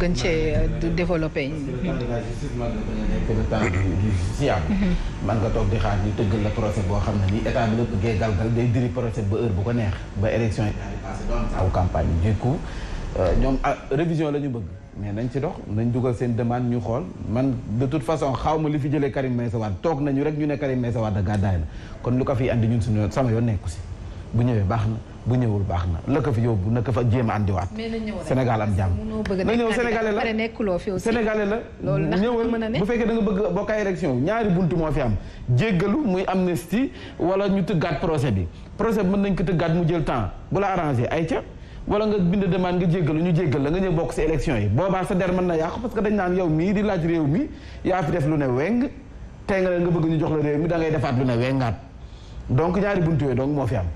gën cee euh, développé. man mm-hmm. mm-hmm. nga toog di xaar ñu tëggal la procès boo xam ne nii état bi lépp gee galgal day diri procès ba heure bu ko neex ba élection yi passé doon aw euh, ñoom ah, révision la bëgg mais nañ ci dox nañ dugal seen demande ñu xool man de toute façon xaw ma li fi jëlee Karim Meïssa Wade toog nañu rek ñu ne Karim Meïssa Wade gàddaay na kon lu ko fiy andi ñun suñu sama yoon nekku si bu ñëwee baax na bu ñëwul baax na la ko fi yóbbu na ko fa jéem a andiwaat. Sénégal am jàmm. na ñëw Sénégalais la Sénégalais la. ñëwal bu fekkee da bëgg bokkaay élection ñaari buntu moo fi am. jéggalu muy amnistie wala ñu tëggaat procès bi procès bi mën nañ ko tëggaat mu jël temps bu la arrangé ay ca wala nga bind demande nga jéggalu ñu jéggal la nga ñëw bokk si élection yi boobaa sa der mën na yàqu parce que dañ naan yow mii di laaj lu ne weng tey nga bëgg ñu jox la réew mi da ngay defaat lu ne wengaat donc ñaari buntu yooyu donc moo fi am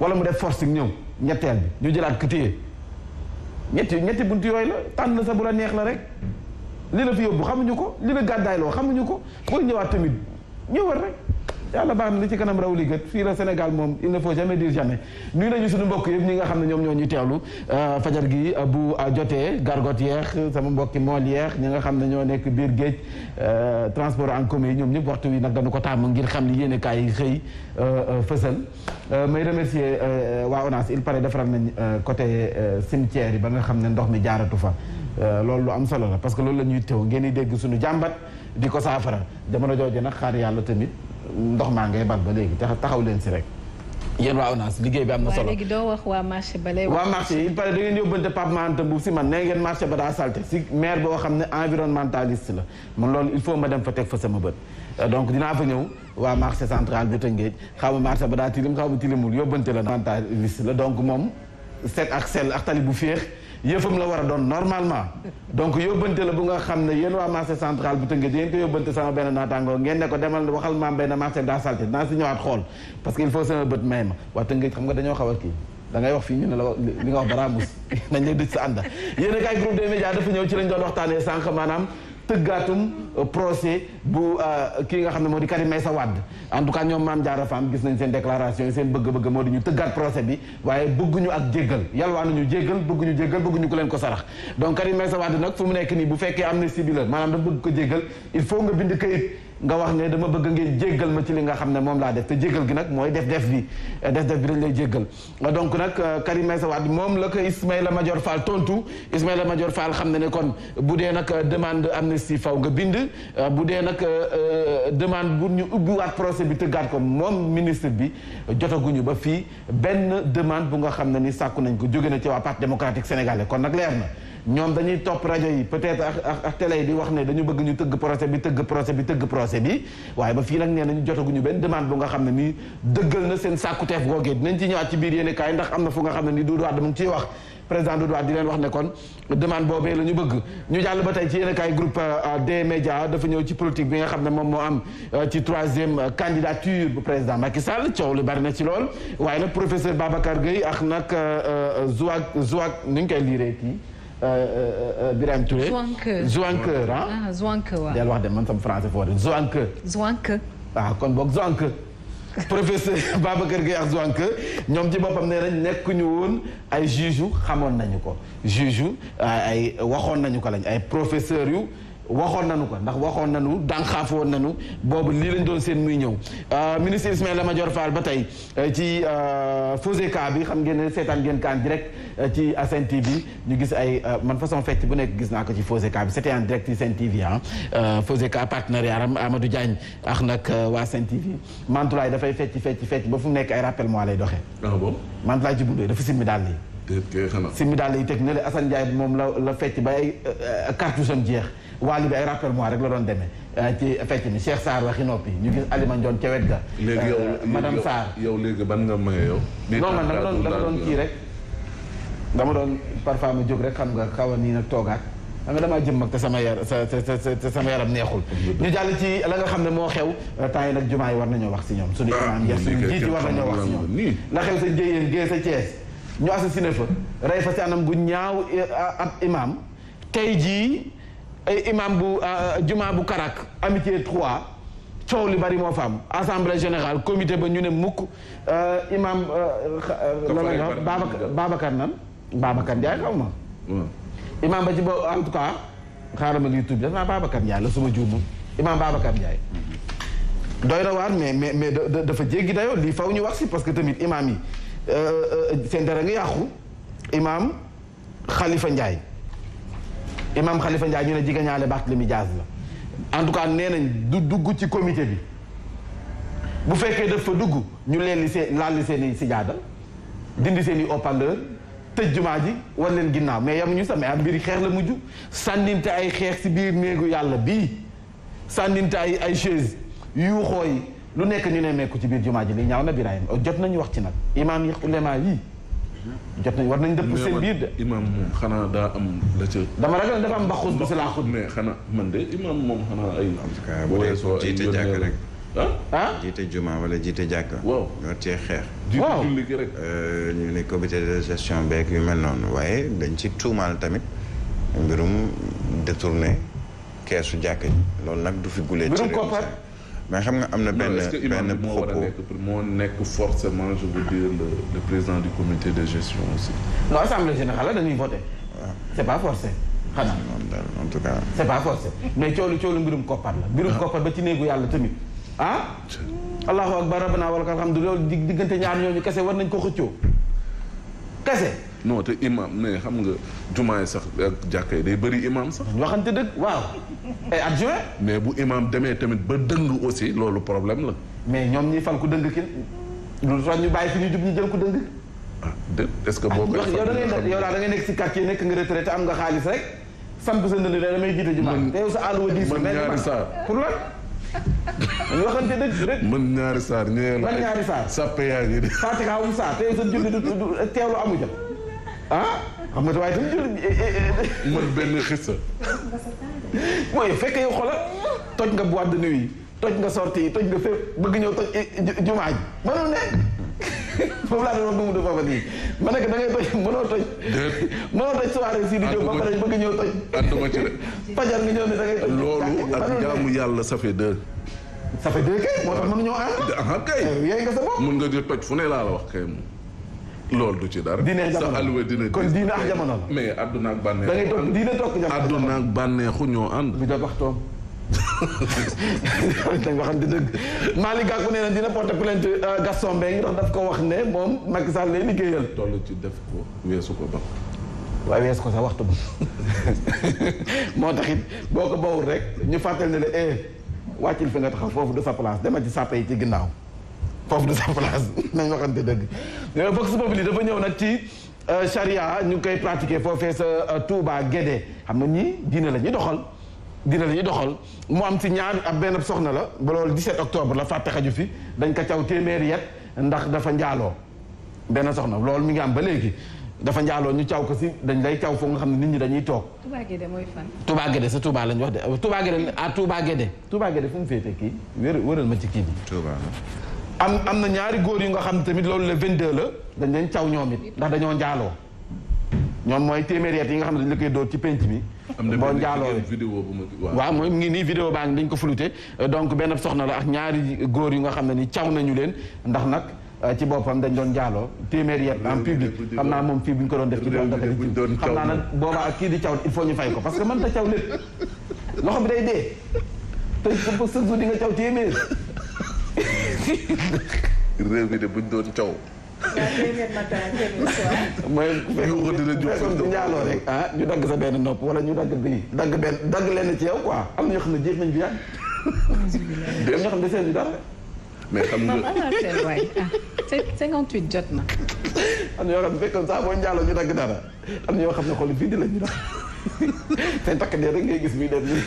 wala mu def force forcing ñëw ñetteel bi ñu jëlaat ko téye ñetti ñetti buntu yooyu la tànn sa bu la neex la rek li la fi yóbbu xamuñu ko li la gàddaayloo xamuñu ko booy ñëwaat tamit ñëwal rek yàlla baax na li ci kanam raw li fii la Sénégal moom il ne faut jamais dire jamais nuyu nañu suñu mbokk yëpp ñi nga xam ne ñoom ñoo euh, gi bu euh, jotee gargot yeex sama mbokki mool yeex ñi nga xam ne ñoo nekk biir géej euh, transport en commun yi ñoom ñëpp waxtu wi nag dañu ko tàmm ngir xam li yéene kaay yi xëy fësal may remercier waa ONAS il paraît defaral nañ côté cimetière yi ba nga xam ne ndox mi jaaratu fa loolu lu am solo la parce que loolu la ñuy teew ngeen di dégg suñu jàmbat di ko saafara jamono jooju nag xaar yàlla tamit ndox maa ngay bal ba léegi taxaw leen si rek yéen waa ONAS liggéey bi am na solo léegi doo wax waa marché ba lay waa marché il paraît da ngeen yóbbante Pape Mahanta Mbuub si man nee marché ba daa salté si maire boo xam ne environnementaliste la man lool il faut ma dem fa teg fa sama bët euh, donc dinaa fa ñëw waa marché central bu Tëngéej xaw ma marché ba daa tilim xaw ma tilimul yóbbante la environnementaliste la donc moom set ak sell ak tali bu féex yëfam la war a doon normalement donc yóbbante la bu nga xam ne yéen waa marché central bu tënk yéen ko yóbbante sama benn naataango ngeen ne ko demal waxal maam benn marché daa salté dinaa si ñëwaat xool parce que il faut sama bët may ma waa tënk xam nga dañoo xaw kii da wax fii ñu ne la li nga wax bara mus nañ lay dëj sa ànda yéen a kaay groupe des dafa ñëw ci lañ doon waxtaanee sànq maanaam tëggaatum euh, procès bu euh, kii nga xam ne moo di Karim Meïssa Wade en tout cas ñoom Mame Diarra Fam gis nañ seen déclaration yi seen bëgg-bëgg moo di ñu tëggaat procès bi waaye bëgguñu ak jéggal yalwaanuñu jéggal bëgguñu jéggal bëgguñu ku leen ko sarax donc Karim Meïssa Wade nag fu mu nekk nii bu fekkee amnistie bi la maanaam dafa bëgg ko jéggal il faut nga bind kayit nga wax ne dama bëgg ngeen jéggal ma ci li nga xam ne moom laa def te jéggal gi nag mooy def-def bi def-def bi dañ lay jéggal donc nag euh, Karim Meïssa Wade moom la ko Ismaïla Madior Fall tontu Ismaïla Madior Fall xam ne ne kon bu dee nag euh, demande amnistie faw nga bind euh, bu dee nag demande bu ñu ubbiwaat procès bi tëggaat ko moom ministre bi jotaguñu ba fii benn demande bu nga xam ne ni sàkku nañ ko jóge na ci waa parti démocratique sénégale kon nag leer na ñoom dañuy topp rajo yi peut-être ak ak yi di wax ne dañu bëgg ñu tëgg procès bi tëgg procès bi tëgg procès bi waaye ba fii nag nee nañu jotaguñu benn demande bu nga xam ne nii dëggal na seen sàkkuteef googee dinañ ci ñëwaat ci biir yéene kaay ndax am na fu nga xam ne nii Doudou Wade mu ngi ciy wax président Doudou Wade di leen wax ne kon demande boobee la ñu bëgg ñu jàll ba tey ci yéene kaay groupe euh, euh, des média dafa ñëw ci politique bi nga xam ne moom moo am euh, ci troisième candidature bu président Macky Sall coow lu bari na ci lool waaye nag professeur Babacar Gueye ak nag Zouak Zouak ni ñu koy liiree Euh, euh, euh, Birame Touré. Zouanke Zouanke ah. Zouanke del yàlla wax de man sama français foo de Zouanke. Zouanke. ah kon boog Zouanke. professeur Babacar Gueye ak Zouanke ñoom ci boppam nee nañ nekkuñu woon ay juges yu xamoon nañu ko juges yu ay waxoon nañu ko lañ ay professeurs yu. waxoon nañu ko ndax waxoon nañu dànxaaf woon nañu boobu lii lañ doon seen muy ñëw euh, ministre Ismaïla Madior Fall ba tey euh, ci euh, Foseka bi xam ngeen seetaan ngeen kan direct ci Sen TV ñu gis ay man façon fecc bu nekk gis naa ko ci Foseka bi c'était en direct ci Sen TV ah Foseka partenariat am amadu Diagne ax nag waa Sen TV Mantulaay dafay fecc fecc fecc ba fu mu nekk ay rappel moo lay doxee ah Mantulaay ci bundoy dafa simmi daal lii simmi daal lii teg ne le Assane Ndiaye moom la la fecc ba ay cartouche am jeex Wally bi ay rappel moi rek la doon demee euh, ci fecc mi Cheikh Sarr waxi noppi ñu gis Alima Ndion ca wet ga léegi yow euh, madame Sarr yow léegi ban nga maye yow non man dama doon dama doon kii rek dama doon parfois ma jóg rek xam nga xaw a nii nag toogaat xam nga damaa jëm mag te sama yar te sama yaram neexul mm-hmm. ñu jàll ci la nga xam ne moo xew euh, temps yi nag jumaa yi war nañoo wax si ñoom suñu ah, imaam ya suñu jiit yi war nañoo wax si ñoom la xew sa njëyeen gée sa Thiès ñu assassiné fa rey fa si anam gu ñaaw ab imam tey ay imam bu euh, jumaa bu Karak amitié 3 coow li bari moo fa am assemblée général comité ba ñu ne mukk euh, imam euh, la Babacar Babacar nan Babacar Ndiaye xaw ma imam ba ci bo en tout cas xaaral ma YouTube def naa Babacar Ndiaye la suma juumul imam Babacar Ndiaye doy na waar mais mais mais dafa jéggi dayoo lii faw ñu wax si parce que tamit imam yi seen dara nga yàqu imam Khalifa Ndiaye imam Khalifa Ndiaye ñu ne jegeñaale Barthélémy Dias la en tout cas nee nañ du dugg ci comité bi bu fekkee dafa dugg ñu leen li see laal seen i sijaada dindi seen i haut-parleur tëj jumaa ji war leen ginnaaw mais yamuñu sax mais mbir mbiri xeex la mujj sànninte ay xeex ci biir néegu yàlla bii sànninte ay ay chaise yu xooy lu nekk ñu ne mekku ci biir jumaa ji li ñaaw na Birahim jot nañu wax ci nag imaam yi ulema yi jot nañ war nañ dëpp seen biir de. imaam moom xanaa daa am la ca. dama ragal dafa am mbaxut bu si laaxut. mais xanaa man de imaam moom xanaa ay. en tout jiite jàkka rek. Ah? Ah? jiite juma wala jiite jàkka. waaw ñoo cee xeex. waaw julli euh, ñu ne comité de gestion beeg yu mel noonu waaye dañ ci tuumaal tamit mbirum détourné keesu jàkka ji loolu nag du fi gulee. ci réew mais xam nga am na benn benn propos moo nekk forcément je veux dire le le président du comité de gestion aussi. non assemblée générale dañuy voté. waaw c'est pas forcé. xanaa c'est pas forcé mais coolu coolu mbirum koppar la. mbirum ah. koppar ba ci néegu yàlla tamit ah. allahu akbar rabbana walakal hamdu loolu diggante ñaar ñooñu kese war nañ ko xëccoo kese. non te imam mais xam nga jumaa yi sax ak jàkka yi day bëri imam sax. waxante dëgg waaw. ay adjoint. mais bu imam demee tamit ba dëng aussi loolu problème la. mais ñoom ñi fal ku dëng ki lu tax ñu bàyyi fi ñu jub ñu jël ku dëng. ah que boo ah, koy. yow da da ngay nekk si quartier nekk nga retraité am nga xaalis rek. samp sa ndënd da damay jiite jumaa. man te sa àlluwa diis. man ñaari saar pour lan. ñu waxante dëgg rek. man ñaari yaa ngi de. Fatick awum saar te yow sa julli du teewlu amu jëm. ah xam nga waaye tamit jël mën benn xista mooy fekk yow xoolal toj nga boîte de nuit yi toj nga sortie yi toj nga bëgg ñëw toj eh, jumaa ji mënul nekk foofu laa doon ma nekk da ngay toj mënoo toj mënoo toj soirée si di jóg ba pare bëgg ñëw fajar nga ñëw ne da ngay toj loolu ak jaamu yàlla ça fait deux ça fait moo tax mënuñoo ànd ah, kay yey nga sa bopp toj fu ne laa la wax kay loolu du ci dara. diine jamono sa alluwa dina ak jamono la. mais adduna ak bànneexu. da ngay toog diine toog jamono adduna ak bànneexu ñoo ànd. bi da waxtoom. dañ waxante dëgg Malick Gakou nee na dina porter plainte euh, Gaston Mbengue ndax daf ko wax ne moom Macky Sall lay liggéeyal. toll ci def ko weesu ko ba. waaye weesu ko sa waxtu ba moo taxit boo ko bawul rek ñu fàttali ne la eh wàccul fi nga taxaw foofu du sa place dema ci sàppe yi ci ginnaaw. foofu du sa place nañ waxante dëgg euh, vox populi dafa ñëw nag ci euh, charia ñu ngi koy pratiquer fee sa euh, Touba Guédé xam na nii diine la ñuy doxal diine la ñuy doxal mu am ci ñaar ab benn soxna la ba lool 17 octobre la fàtte xaju fi dañ ko caw téeméeri yet ndax dafa njaaloo benn soxna loolu mi ngi am ba léegi dafa njaaloo ñu caw ko si dañ lay caw foog nga xam ne nit ñi dañuy toog. Touba Guédé mooy fan. Touba Guédé sa Touba lañ wax de Touba Guédé ah Touba Guédé Touba Guédé fu mu féetee kii wér ma ci kii bi. Touba am am na ñaari góor yu nga xam ne tamit loolu le 22 la dañ leen caw ñoom it ndax dañoo njaaloo ñoom mooy téeméeri at yi nga xam ne dañ la koy dóor ci penc bi boo njaaloo waaw mooy mu ngi nii vidéo baa ngi dañ ko flouté donc benn soxna la ak ñaari góor yu nga xam ne ni caw nañu leen ndax nag euh, ci boppam dañ doon jaaloo téeméer yet en public xam naa moom fii bu ñu ko doon def ci doon dafa xam naa nag caw il ñu fay ko parce que mën ta caw bi day dee te chaque jour nga caw téeméer réew mi de buñ doon coow. mooy yuuxu dina jóg pour ñu dagg sa benn nopp wala ñu dagg bii dagg lenn ci yow quoi am na ñoo xam ne jeex nañ bi am ñoo xam ne seen ñu dara mais xam nga waay ah 58 jot na am na ñoo xam ne fekkoon saa ñu dagg dara am na ñoo xam ne xool bii di la ñu seen takk der rek ngay gis muy dem muy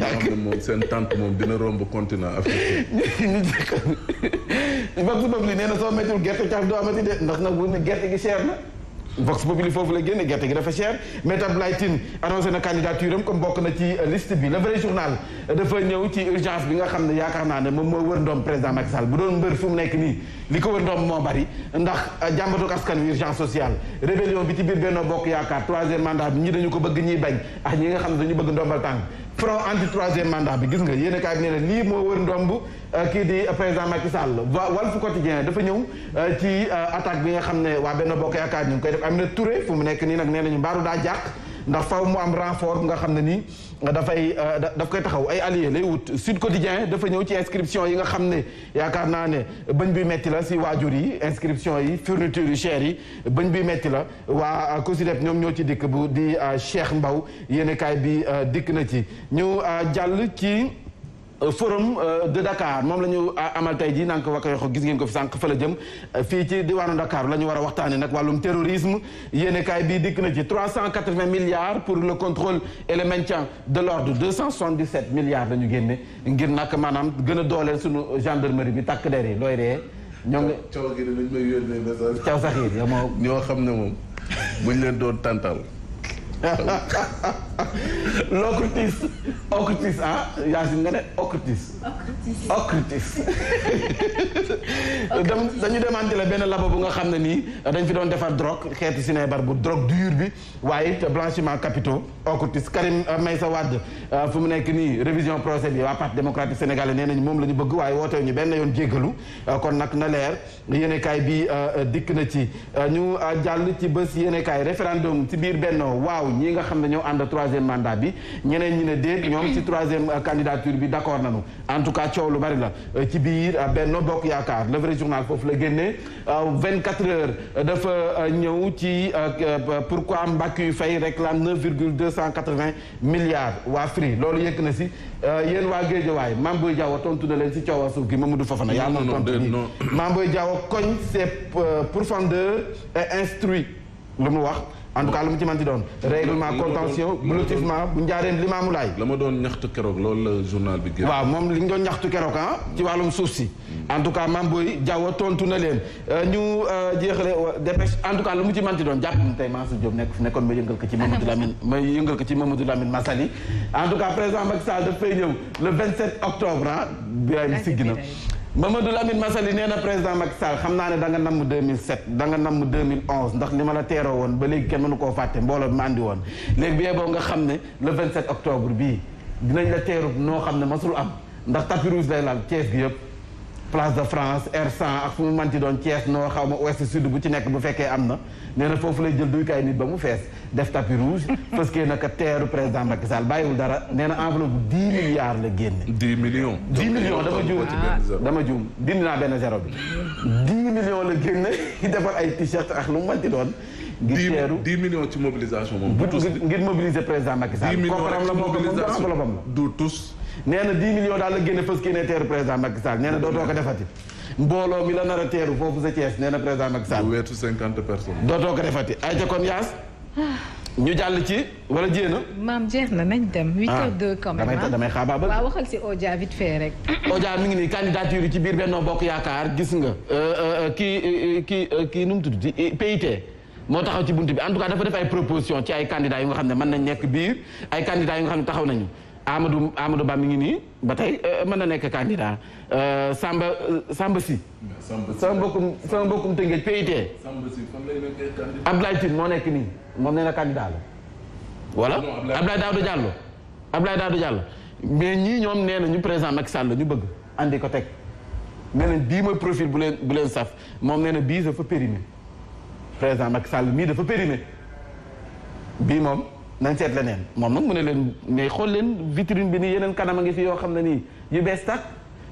tax muy moom seen tante moom dina romb continent africain ñu jëkk Vox Populi nee na soo mettiwul gerte caaf doo amati de ndax nag wër na gerte gi seer na Vox Populi foofu la génne gerte gi dafa cher Maître Abdoulaye Tine na candidature am comme bokk na ci euh, liste bi le journal euh, dafa ñëw ci urgence bi nga xam ne yaakaar naa ne moom moo wër ndoom président Macky Sall bu doon mbër fu mu nekk nii li ko wër ndoom moo bari ndax euh, jàmbatu askan wi urgence sociale rébellion bi ci biir Benno Bokk Yaakaar troisième mandat bi ñi dañu ko bëgg ñiy bañ ak ñi nga xam ne dañu bëgg ndombal tànk front anti troisième a kaay bi nga xam ne waa Benno Bokk ak Amina Touré fu mu nekk nii nag nee nañu mbaaru daa jàkk ndax faw mu am renfort nga xam ne nii euh, dafay euh, daf koy taxaw ay allié lay wut Sud Quotidien dafa ñëw ci inscription yi nga xam ne yaakaar naa ne bañ bi metti la si waajur yi inscription yi fourniture yu cher yi bañ bi metti la waa euh, COSYDEP ñoom ñoo ci dikk bu di Cheikh Mbaw yéenekaay bi dikk na ci ñu jàll ci Euh, forum euh, de Dakar moom la ñu euh, amal tey jii naan ko wax ko gis ngeen ko fi sànq fa la jëm fii ci diwaanu Dakar la ñu war a waxtaanee nag wàllum terrorisme yéenekaay bii dikk na ci 380 milliards pour le contrôle et le maintien de l'ordre 277 milliards la ñu génne ngir nag maanaam gën a dooleel suñu gendarmerie bi tàkk der yi looy ree ñoo ngi caw gi dañ may yi moo ñoo xam ne moom buñ leen doon tantal l'ocritis ocritis ah Yacine nga ne ocritis ocritis dañu demante la benn labo bu nga xam ne nii dañ fi doon defar drogue xeeti sinébar bu drogue dure bi waaye it blanchiment capitaux ocritis Karim euh, Meïssa Wade euh, fu mu nekk nii révision projet bi waa parti démocratique sénégalais nee nañu moom la ñu bëgg waaye wootewu ñu benn yoon jéggalu euh, kon nag na leer yéenekaay bi dikk na ci ñu jàll ci bés yéenekaay référendum ci biir bennoo waaw ñii nga xam ne ñoo ànd troisième mandat bi ñeneen ñi ne déet ñoom ci troisième euh, candidature bi d' accord nañu en tout cas coow lu bari la euh, ci biir euh, benn Bokk Yaakaar le vrai journal foofu la génnee 24 heures dafa ñëw ci pourquoi Mbackiyou Faye réclame 9 virgule 280 milliards waa Free loolu yëkk na si yéen waa Géejawaay Mame jaaw a tontu na leen si coow suuf gi Mamadou Fofana yàlla na tontu ni Mame Boye Diao koñ c'est profondeur et instruit lu mu wax en tout cas lu mu ci manti doon règlement contentieux bu lotissement bu njaareem limaamu laay la ma doon ñaxtu keroog loolu la journal bi génn waaw moom li doon ñaxtu keroog ah ci wàllum suuf si en tout cas Mame Boye Diao tontu na leen euh, ñu euh, jeexale euh, dépêche en tout cas lu mu ci manti doon jàpp na tey Mansour Diop nekk fi nekkoon ma yëngal ko ci Mamadou ma yëngal ko ci Mamadou Lamine Massali en tout cas président Macky ñëw le 27 octobre ah Birahim siggi na Mamadou Lamine Massaly nee na président Macky Sall xam naa ne da nga namm 2007 da nga namm 2011 ndax li ma la teeroo woon ba léegi kenn mënu koo fàtte mbooloo bi ma andi woon léegi bi boo nga xam ne le 27 octobre bii dinañ la teeru noo xam ne masul am ndax tapis rouge lay laal Thiès gi yëpp. place de France R100 ak fu mu manti doon Thiès noo xaw ma ouest sud bu ci nekk bu fekkee am na nee na foofu lay jël duy kaay nit ba mu fees def tapis rouge parce que naka teeru président Macky Sall bàyyiwul dara nee na enveloppe bu dix milliards la génne dix millions dix millions dama juum dama juum dindi naa benn zéro bi dix millions la génne defar ay t-shirt ak lu mu manti doon ngir teeru dix millions ci mobilisation moom ngir mobiliser président Macky Sall. dix millions ci mobilisation du tous nee na 10 millions daal la génne fës kii ne teeru président Macky Sall nee na dootoo ko defati mbooloo mi la nar a teeru foofu sa Thiès nee na président Macky Sall. bu weetu 50 personnes. dootoo ko defati ay ca yaas. Ah. ñu jàll ci wala jéena. maam jeex na nañ dem. 8h02 ah. quand même damay ah. damay xaabaabal. waaw waxal si Odia vite fait rek. Odia mi ngi nii candidature yi ci biir Benno Bokk Yaakaar gis nga. Euh, euh, euh, kii kii kii nu mu tudd ci PIT. moo taxaw ci buntu bi en tout cas dafa def ay proposition ci ay candidats yu nga xam ne mën nañ nekk biir ay candidats yu nga xam ne taxaw nañu. Amadou Amadou Ba mi ngi nii ba tey euh, mën na nekk candidat euh, Samba euh, Samba si. Samba si sama mbokkum sama mbokkum Tëngéej PIT. Samba si moo nekk nii moom nee na candidat daa voilà Abdoulaye Daouda Diallo Abdoulaye du jàll mais ñii ñoom nee ñu présent Macky sàll la ñu bëgg andi ko teg nee na bii mooy profil bu leen bu leen saf moom nee na bii dafa périmé président Macky Sall mii dafa périmé bii moom. nañ seet leneen moom nag mu ne leen mais xool leen vitrine bi nii yeneen kanam a ngi fi yoo xam ne nii yu bees tàkk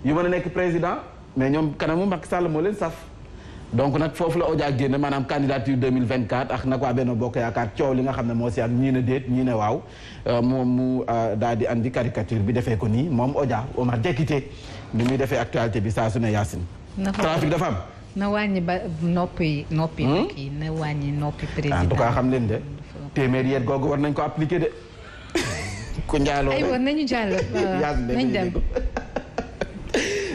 yu mën nekk président mais ñoom kanamu Macky Sall moo leen saf donc nag foofu la Odia génne maanaam candidature 2024 ak nag waa Benno Bokk Yaakaar coow li nga xam ne moo si am ñii ne déet ñii ne waaw euh, moom mu euh, daal di andi caricature bi defee ko nii moom Odia a Diakité ni muy defee actualité bi saa su ne Yacine. trafic na wàññi ba nopp yi noppi. Hmm? kii na wàññi noppi président ah, en tout cas xam leen de téeméer yeet googu war nañ ko appliqué de. ku njaaloo ay nañu jàll. nañ dem.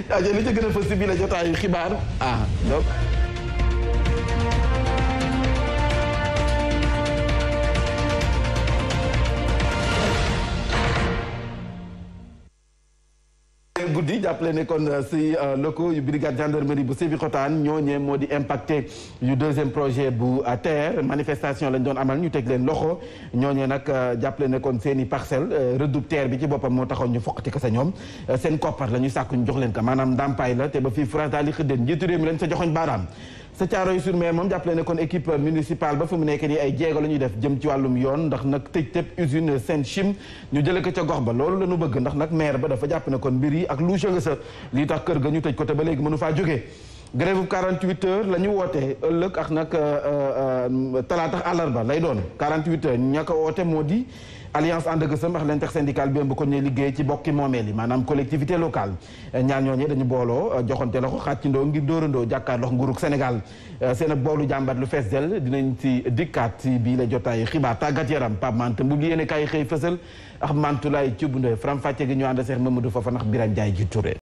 yaa li ci gën a fës si biir jotaayu xibaar ah donc. guddi jàppale ne kon euh, si euh, locaux yu brigade gendarmerie bu Sébikotane ñooñee moo di impacté yu deuxième projet bu euh, TER manifestation lañ doon amal ñu teg leen loxo ñooñee nag jàppale ne kon seen i parcelle redoupe TER bi ci boppam moo taxoon ñu foqati ko sa ñoom seen koppar la sàkk ñu jox leen ko maanaam ndàmpaay la te ba fii France daal di xëddeen mi lañ sa joxoñ baaraam sa caaro sur Mer moom jàppale ne kon équipe municipale ba fu mu nekk nii ay jéego la ñuy def jëm ci wàllum yoon ndax nag tëj tëb usine seen chim ñu jële ko ca gox ba loolu la ñu bëgg ndax nag maire ba dafa jàpp ne kon mbir yi ak louche nga sa lii tax kër ga ñu tëj ko te ba léegi mënu faa jógee grève 48 heures la ñu woote ëllëg ak nag euh, euh, euh, talaata ak ba lay doon 48 heures ña ko woote moo di alliance ànd gësëm ak l'intersyndicale bi ëmb ko ñu liggéey ci bokki moomeel yi maanaam collectivité locale ñaar ñooñu dañu booloo joxante loxo xàccindoo ngir dóorandoo jàkkaarloo nguurug Sénégal seen boolu jàmbat lu fees del dinañ ci dikkaat si bii la jotaay xibaar tàggat yaram Pape Mante bu yéene kaay xëy fësal ak Mantulaay Cubunde faram fàcce gi ñu ànd seex Mamadou Fafa ndax Birame Ndiaye ji Touré